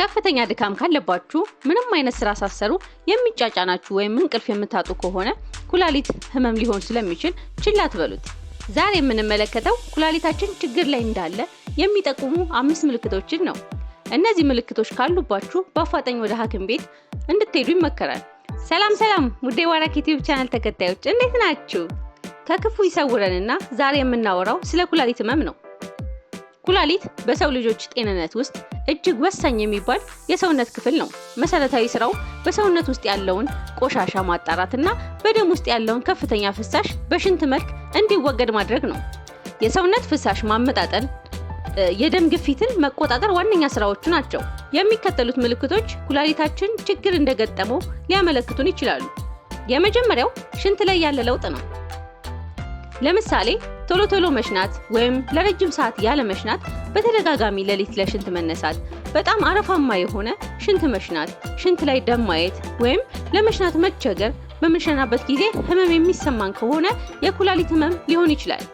ከፍተኛ ድካም ካለባችሁ፣ ምንም አይነት ስራ ሳሰሩ የሚጫጫናችሁ ወይም እንቅልፍ የምታጡ ከሆነ ኩላሊት ህመም ሊሆን ስለሚችል ችላ ትበሉት። ዛሬ የምንመለከተው ኩላሊታችን ችግር ላይ እንዳለ የሚጠቁሙ አምስት ምልክቶችን ነው። እነዚህ ምልክቶች ካሉባችሁ በአፋጣኝ ወደ ሐኪም ቤት እንድትሄዱ ይመከራል። ሰላም ሰላም፣ ውዴ ዋራክ ዩቲዩብ ቻናል ተከታዮች እንዴት ናችሁ? ከክፉ ይሰውረንና ዛሬ የምናወራው ስለ ኩላሊት ህመም ነው። ኩላሊት በሰው ልጆች ጤንነት ውስጥ እጅግ ወሳኝ የሚባል የሰውነት ክፍል ነው። መሰረታዊ ስራው በሰውነት ውስጥ ያለውን ቆሻሻ ማጣራትና በደም ውስጥ ያለውን ከፍተኛ ፍሳሽ በሽንት መልክ እንዲወገድ ማድረግ ነው። የሰውነት ፍሳሽ ማመጣጠን፣ የደም ግፊትን መቆጣጠር ዋነኛ ስራዎቹ ናቸው። የሚከተሉት ምልክቶች ኩላሊታችን ችግር እንደገጠመው ሊያመለክቱን ይችላሉ። የመጀመሪያው ሽንት ላይ ያለ ለውጥ ነው። ለምሳሌ ቶሎ ቶሎ መሽናት ወይም ለረጅም ሰዓት ያለ መሽናት፣ በተደጋጋሚ ሌሊት ለሽንት መነሳት፣ በጣም አረፋማ የሆነ ሽንት መሽናት፣ ሽንት ላይ ደም ማየት ወይም ለመሽናት መቸገር፣ በምንሸናበት ጊዜ ህመም የሚሰማን ከሆነ የኩላሊት ህመም ሊሆን ይችላል።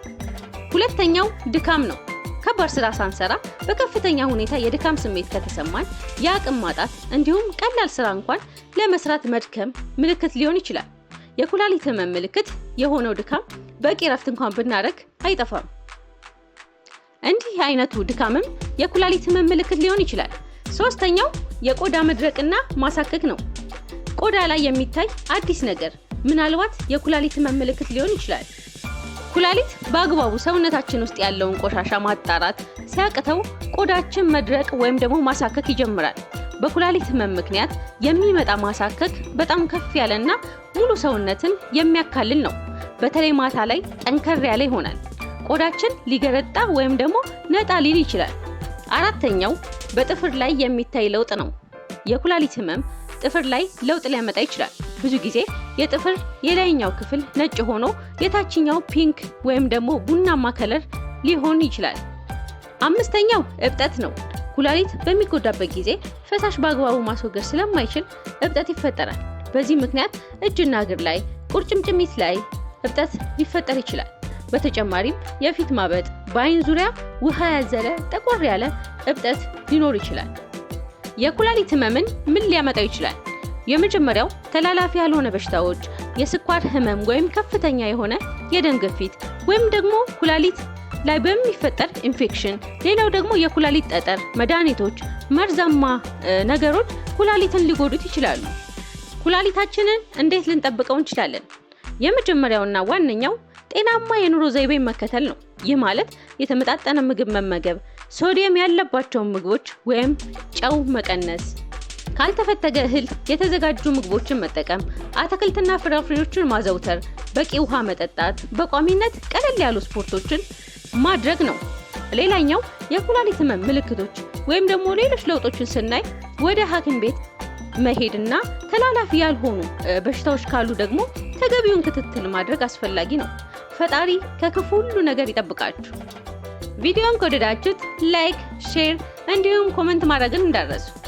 ሁለተኛው ድካም ነው። ከባድ ስራ ሳንሰራ በከፍተኛ ሁኔታ የድካም ስሜት ከተሰማን የአቅም ማጣት እንዲሁም ቀላል ስራ እንኳን ለመስራት መድከም ምልክት ሊሆን ይችላል። የኩላሊት ህመም ምልክት የሆነው ድካም በቂ ረፍት እንኳን ብናደረግ አይጠፋም። እንዲህ አይነቱ ድካምም የኩላሊት ህመም ምልክት ሊሆን ይችላል። ሶስተኛው የቆዳ መድረቅና ማሳከክ ነው። ቆዳ ላይ የሚታይ አዲስ ነገር ምናልባት የኩላሊት ህመም ምልክት ሊሆን ይችላል። ኩላሊት በአግባቡ ሰውነታችን ውስጥ ያለውን ቆሻሻ ማጣራት ሲያቅተው ቆዳችን መድረቅ ወይም ደግሞ ማሳከክ ይጀምራል። በኩላሊት ህመም ምክንያት የሚመጣ ማሳከክ በጣም ከፍ ያለና ሙሉ ሰውነትን የሚያካልል ነው። በተለይ ማታ ላይ ጠንከር ያለ ይሆናል። ቆዳችን ሊገረጣ ወይም ደግሞ ነጣ ሊል ይችላል። አራተኛው በጥፍር ላይ የሚታይ ለውጥ ነው። የኩላሊት ህመም ጥፍር ላይ ለውጥ ሊያመጣ ይችላል። ብዙ ጊዜ የጥፍር የላይኛው ክፍል ነጭ ሆኖ የታችኛው ፒንክ ወይም ደግሞ ቡናማ ከለር ሊሆን ይችላል። አምስተኛው እብጠት ነው። ኩላሊት በሚጎዳበት ጊዜ ፈሳሽ በአግባቡ ማስወገድ ስለማይችል እብጠት ይፈጠራል። በዚህ ምክንያት እጅና እግር ላይ፣ ቁርጭምጭሚት ላይ እብጠት ሊፈጠር ይችላል። በተጨማሪም የፊት ማበጥ፣ በአይን ዙሪያ ውሃ ያዘለ ጠቆር ያለ እብጠት ሊኖር ይችላል። የኩላሊት ህመምን ምን ሊያመጣ ይችላል? የመጀመሪያው ተላላፊ ያልሆነ በሽታዎች፣ የስኳር ህመም ወይም ከፍተኛ የሆነ የደም ግፊት ወይም ደግሞ ኩላሊት ላይ በሚፈጠር ኢንፌክሽን። ሌላው ደግሞ የኩላሊት ጠጠር፣ መድኃኒቶች፣ መርዛማ ነገሮች ኩላሊትን ሊጎዱት ይችላሉ። ኩላሊታችንን እንዴት ልንጠብቀው እንችላለን? የመጀመሪያውና ዋነኛው ጤናማ የኑሮ ዘይቤ መከተል ነው። ይህ ማለት የተመጣጠነ ምግብ መመገብ፣ ሶዲየም ያለባቸውን ምግቦች ወይም ጨው መቀነስ፣ ካልተፈተገ እህል የተዘጋጁ ምግቦችን መጠቀም፣ አትክልትና ፍራፍሬዎችን ማዘውተር፣ በቂ ውሃ መጠጣት፣ በቋሚነት ቀለል ያሉ ስፖርቶችን ማድረግ ነው። ሌላኛው የኩላሊት ህመም ምልክቶች ወይም ደግሞ ሌሎች ለውጦችን ስናይ ወደ ሐኪም ቤት መሄድና ተላላፊ ያልሆኑ በሽታዎች ካሉ ደግሞ ተገቢውን ክትትል ማድረግ አስፈላጊ ነው። ፈጣሪ ከክፉ ሁሉ ነገር ይጠብቃችሁ። ቪዲዮን ከወደዳችሁት ላይክ፣ ሼር እንዲሁም ኮመንት ማድረግን እንዳረሱ